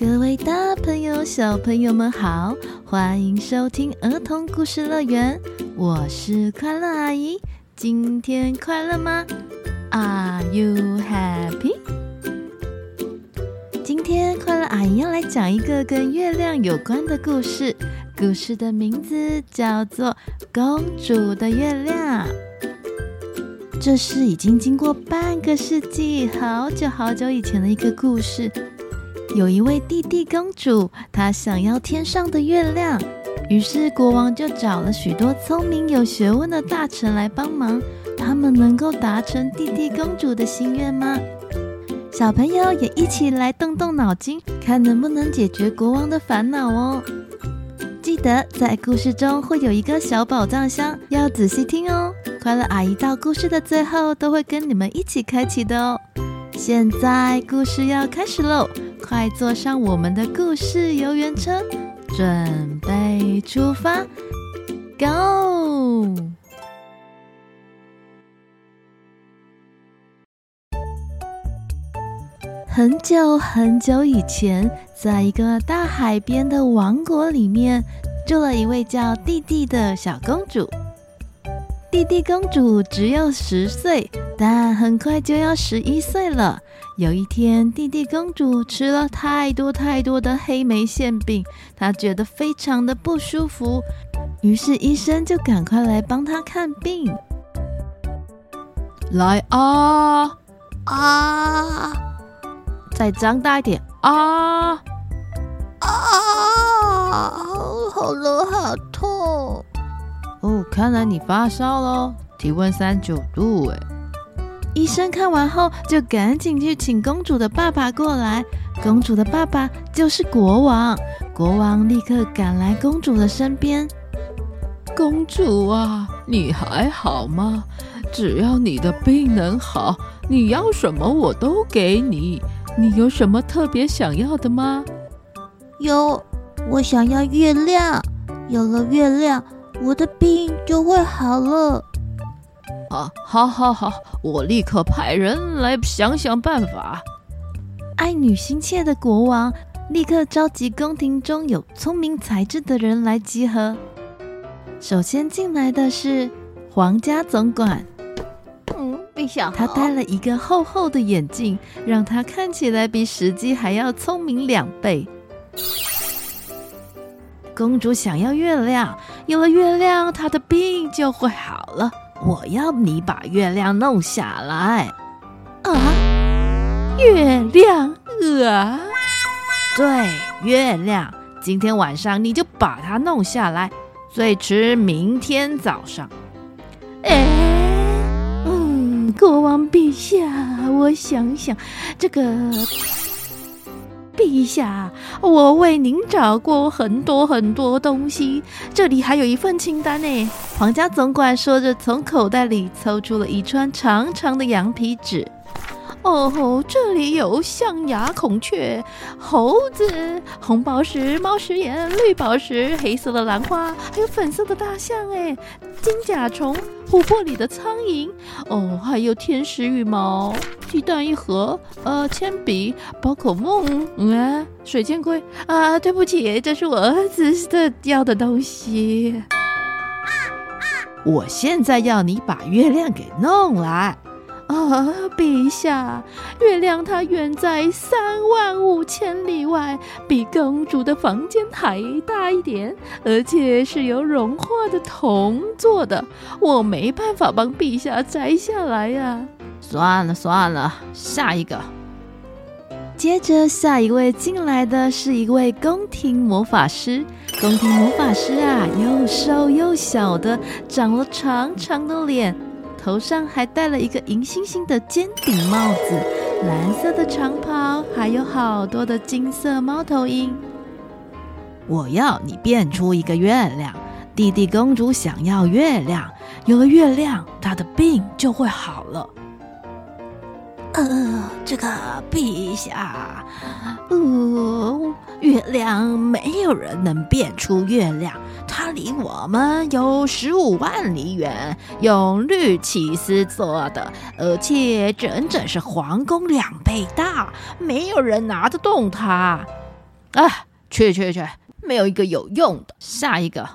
各位大朋友、小朋友們好，歡迎收聽兒童故事樂園。我是快樂阿姨，今天快樂嗎？Are you happy？今天快樂阿姨要來講一個跟月亮有關的故事，故事的名字叫做《公主的月亮》。這是已經經過半個世紀、好久好久以前的一個故事。有一位蒂蒂公主，她想要天上的月亮，於是國王就找了許多聰明有學問的大臣來幫忙。他們能夠達成蒂蒂公主的心願嗎？小朋友也一起來動動腦筋，看能不能解決國王的煩惱哦。記得在故事中會有一個小寶藏箱，要仔細聽哦。快樂阿姨到故事的最後都會跟你們一起開啟的哦。現在故事要開始嘍。快坐上我們的故事遊園車，準備出發，Go！很久很久以前，在一個大海邊的王國裡面，住了一位叫蒂蒂的小公主。蒂蒂公主只有十歲，但很快就要十一歲了。有一天，蒂蒂公主吃了太多太多的黑莓餡餅，她覺得非常的不舒服，於是醫生就趕快來幫她看病。來啊啊！啊再張大一點啊啊！好了好。看來你發燒嘍，體溫三九度哎！醫生看完後就趕緊去請公主的爸爸過來。公主的爸爸就是國王，國王立刻趕來公主的身邊。公主啊，你還好嗎？只要你的病能好，你要什麼我都給你。你有什麼特別想要的嗎？有，我想要月亮。有了月亮。我的病就會好了。啊，好好好，我立刻派人來想想辦法。愛女心切的國王立刻召集宮廷中有聰明才智的人來集合。首先進來的是皇家總管。嗯，陛下。他戴了一個厚厚的眼鏡，讓他看起來比實際還要聰明兩倍。公主想要月亮。有了月亮，他的病就會好了。我要你把月亮弄下來，啊，月亮啊，對，月亮，今天晚上你就把它弄下來，最遲明天早上。哎，嗯，國王陛下，我想想這個。陛下，我為您找過很多很多東西，這裡還有一份清單呢。皇家總管說着，從口袋裡抽出了一串長長的羊皮紙。哦吼，這裡有象牙孔雀、猴子、紅寶石、貓石眼、綠寶石、黑色的蘭花，還有粉色的大象哎、金甲蟲、琥珀裡的蒼蠅，哦，還有天使羽毛。雞蛋一盒，呃，鉛筆，寶可夢，嗯、啊，水箭龜，啊，對不起，這是我兒子的要的東西。啊啊！我現在要你把月亮給弄來，啊、呃，陛下，月亮它遠在三萬五千里外，比公主的房間還大一點，而且是由融化的銅做的，我沒辦法幫陛下摘下來呀、啊。算了算了，下一個。接着下一位進來的是一位宮廷魔法師。宮廷魔法師啊，又瘦又小的，長了長長的臉，頭上還戴了一個銀星星的尖頂帽子，藍色的長袍，還有好多的金色貓頭鷹。我要你變出一個月亮，蒂蒂公主想要月亮，有了月亮，她的病就會好了。呃，這個陛下，呃，月亮沒有人能變出月亮，它離我們有十五萬里遠，用綠起司做的，而且整整是皇宮兩倍大，沒有人拿得動它。啊，去去去，沒有一個有用的，下一個。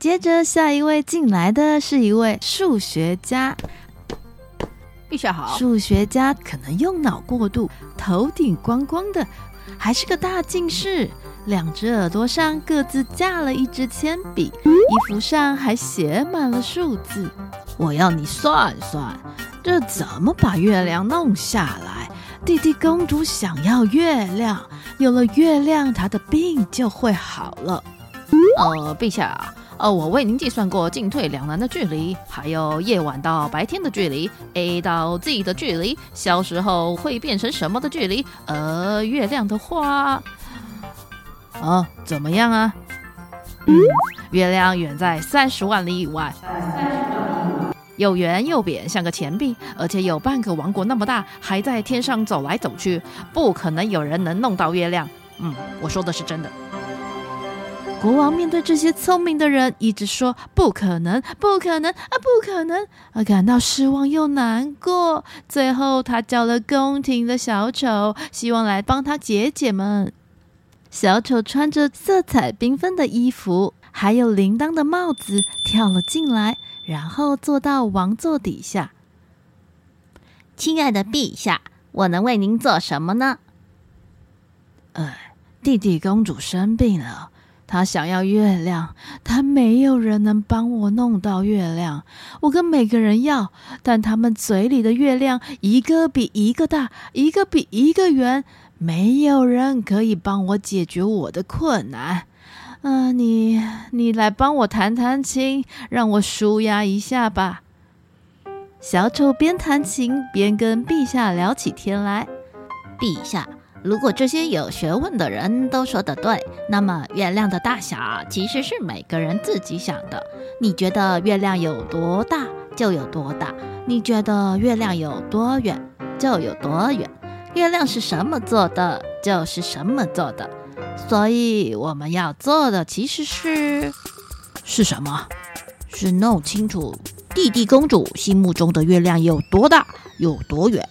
接着下一位進來的是一位數學家。陛下好，數學家可能用腦過度，頭頂光光的，還是個大近視，兩隻耳朵上各自架了一支鉛筆，衣服上還寫滿了數字。我要你算算，這怎麼把月亮弄下來？蒂蒂公主想要月亮，有了月亮，她的病就會好了。哦、呃，陛下。呃、哦，我為您計算過進退兩難的距離，還有夜晚到白天的距離，A 到 Z 的距離，消失後會變成什麼的距離？呃，月亮的話，哦，怎麼樣啊？嗯，月亮遠在三十萬里以外，又圓又扁，像個錢幣，而且有半個王國那麼大，還在天上走來走去，不可能有人能弄到月亮。嗯，我說的是真的。國王面對這些聰明的人，一直說不可能，不可能啊，不可能而感到失望又難過。最後，他叫了宮廷的小丑，希望來幫他解解悶。小丑穿着色彩繽紛的衣服，還有鈴鐺的帽子，跳了進來，然後坐到王座底下。親愛的陛下，我能為您做什麼呢？呃、嗯，蒂蒂公主生病了。他想要月亮，他沒有人能幫我弄到月亮。我跟每個人要，但他們嘴裡的月亮一個比一個大，一個比一個圓。沒有人可以幫我解決我的困難。啊、呃，你你來幫我彈彈琴，讓我舒壓一下吧。小丑邊彈琴邊跟陛下聊起天來，陛下。如果這些有學問的人都說得對，那麼月亮的大小其實是每個人自己想的。你覺得月亮有多大就有多大，你覺得月亮有多遠就有多遠。月亮是什麼做的就是什麼做的。所以我們要做的其實是是什麼？是弄清楚蒂蒂公主心目中的月亮有多大、有多遠。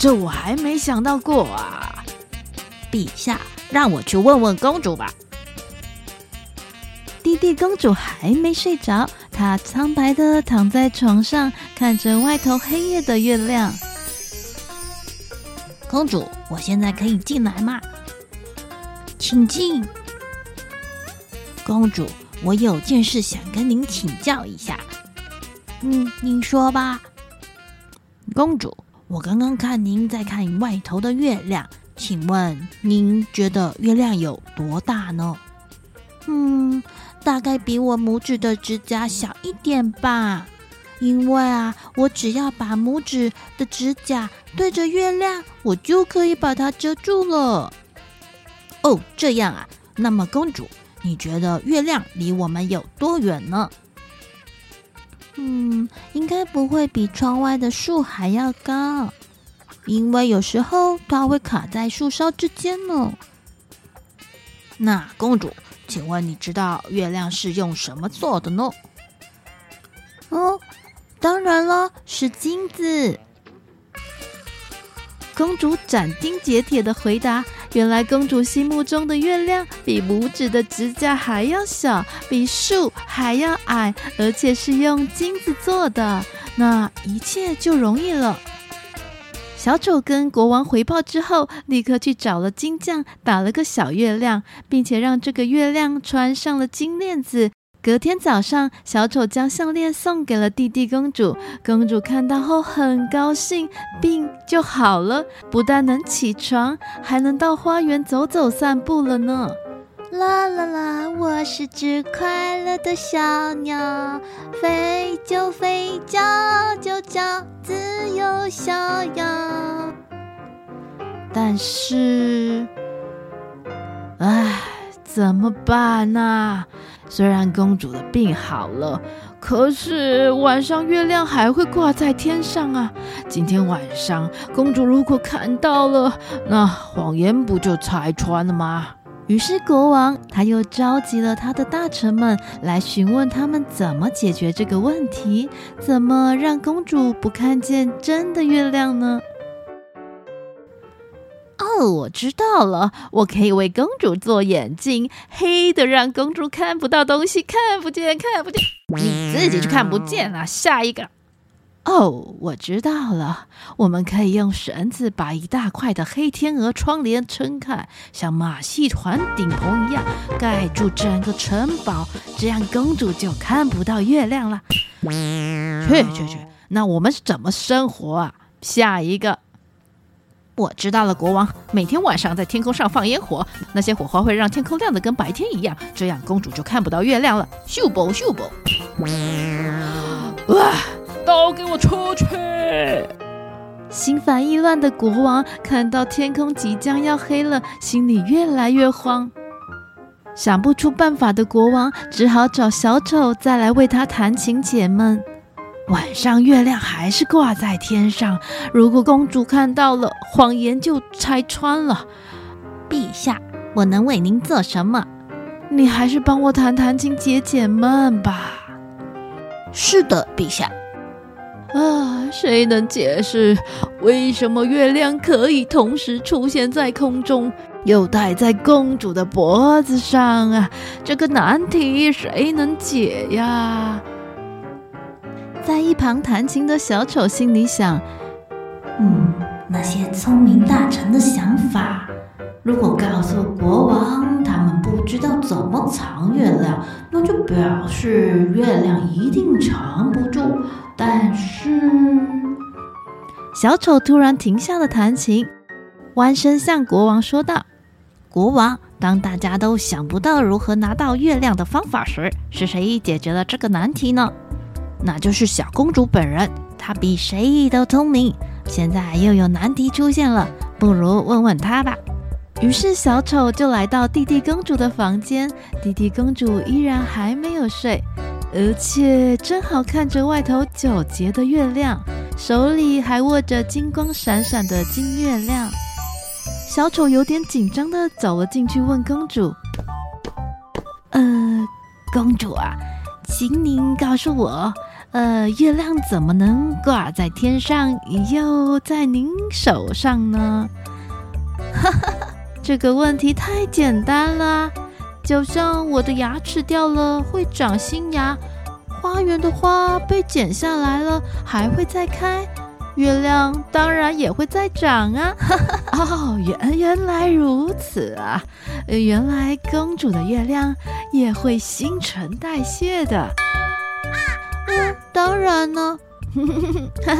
這我還沒想到過啊！陛下，讓我去問問公主吧。蒂蒂公主還沒睡着，她蒼白的躺在床上，看着外頭黑夜的月亮。公主，我現在可以進來嗎？請進。公主，我有件事想跟您請教一下。嗯，您說吧。公主。我剛剛看您在看外頭的月亮，請問您覺得月亮有多大呢？嗯，大概比我拇指的指甲小一點吧。因為啊，我只要把拇指的指甲對着月亮，我就可以把它遮住了。哦，這樣啊，那麼公主，你覺得月亮離我們有多遠呢？嗯，應該不會比窗外的樹還要高，因為有時候它會卡在樹梢之間呢、哦。那公主，請問你知道月亮是用什麼做的呢？哦，當然了，是金子。公主斬釘截鐵的回答。原來公主心目中的月亮比拇指的指甲還要小，比樹還要矮，而且是用金子做的。那一切就容易了。小丑跟國王回報之後，立刻去找了金匠，打了個小月亮，並且讓這個月亮穿上了金鏈子。隔天早上，小丑將項鏈送給了蒂蒂公主。公主看到後很高興，病就好了，不但能起床，還能到花園走走散步了呢。啦啦啦，我是隻快樂的小鳥，飛就飛，叫就叫，自由逍遙。但是，唉，怎麼辦呢、啊？雖然公主的病好了，可是晚上月亮還會掛在天上啊。今天晚上，公主如果看到了，那謊言不就拆穿了嗎？於是國王他又召集了他的大臣們來詢問他們怎麼解決這個問題，怎麼讓公主不看見真的月亮呢？哦，我知道了，我可以為公主做眼鏡，黑的讓公主看不到東西，看不見，看不見，你自己就看不見了。下一個。哦，我知道了，我們可以用繩子把一大塊的黑天鵝窗簾撐開，像馬戲團頂棚一樣，蓋住整個城堡，這樣公主就看不到月亮了。去去去，那我們是怎麼生活啊？下一個。我知道了，國王，每天晚上在天空上放煙火，那些火花會讓天空亮得跟白天一樣，這樣公主就看不到月亮了。秀寶，秀寶！啊！哇，都給我出去！心煩意亂的國王看到天空即將要黑了，心裡越來越慌，想不出辦法的國王只好找小丑再來為他彈琴解悶。晚上月亮還是掛在天上。如果公主看到了，謊言就拆穿了。陛下，我能為您做什麼？你還是幫我彈彈琴，解解悶吧。是的，陛下。啊，誰能解釋為什麼月亮可以同時出現在空中，又戴在公主的脖子上啊？這個難題誰能解呀？在一旁彈琴的小丑心裡想：“嗯，那些聰明大臣的想法，如果告訴國王他們不知道怎麼藏月亮，那就表示月亮一定藏不住。”但是，小丑突然停下了彈琴，彎身向國王說道：“國王，當大家都想不到如何拿到月亮的方法時，是誰解決了這個難題呢？”那就是小公主本人，她比誰都聰明。現在又有難題出現了，不如問問她吧。於是小丑就來到蒂蒂公主的房間，蒂蒂公主依然還沒有睡，而且正好看着外頭皎潔的月亮，手裡還握着金光閃閃的金月亮。小丑有點緊張的走了進去，問公主：“呃，公主啊，請您告訴我。”呃，月亮怎麼能掛在天上，又在您手上呢？ 這個問題太簡單啦！就像我的牙齒掉了會長新牙，花園的花被剪下來了還會再開，月亮當然也會再長啊！ 哦，原原來如此啊！原來公主的月亮也會新陳代謝的。當然呢，啊，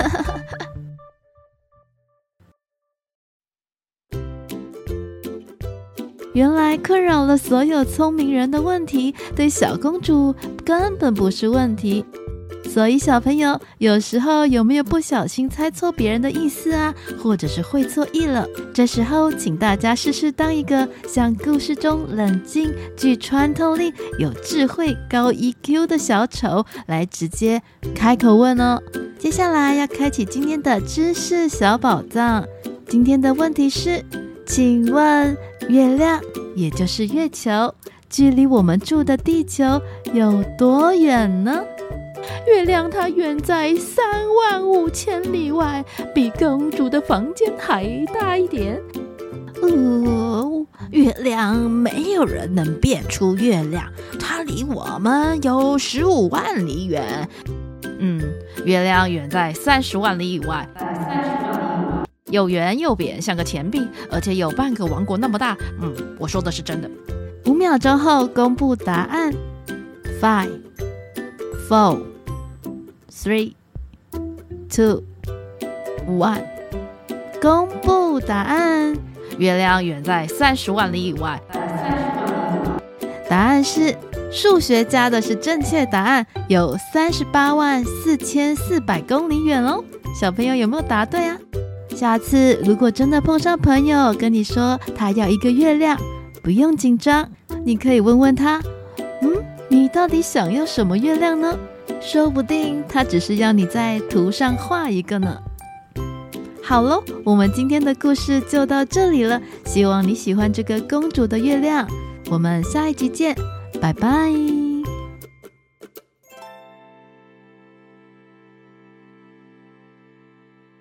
原來困擾了所有聰明人的問題，對小公主根本不是問題。所以小朋友，有時候有沒有不小心猜錯別人的意思啊，或者是會錯意了？這時候，請大家試試當一個像故事中冷靜、具穿透力、有智慧、高 EQ 的小丑來直接開口問哦。接下來要開啟今天的知識小寶藏。今天的問題是：請問，月亮，也就是月球，距離我們住的地球有多遠呢？月亮它遠在三萬五千里外，比公主的房間還大一點。哦，月亮沒有人能變出月亮，它離我們有十五萬里遠。嗯，月亮遠在三十萬里以外。三十萬里。又圓又扁，像個錢幣，而且有半個王國那麼大。嗯，我說的是真的。五秒鐘後公布答案。五。Four, three, two, one. 公布答案，月亮遠在三十萬里以外。三十萬里。答案是數學家的是正確答案，有三十八萬四千四百公里遠哦。小朋友有沒有答對啊？下次如果真的碰上朋友跟你說他要一個月亮，不用緊張，你可以問問他。你到底想要什麼月亮呢？說不定他只是要你在圖上畫一個呢。好嘍，我們今天的故事就到這裡了，希望你喜歡這個公主的月亮。我們下一集見，拜拜。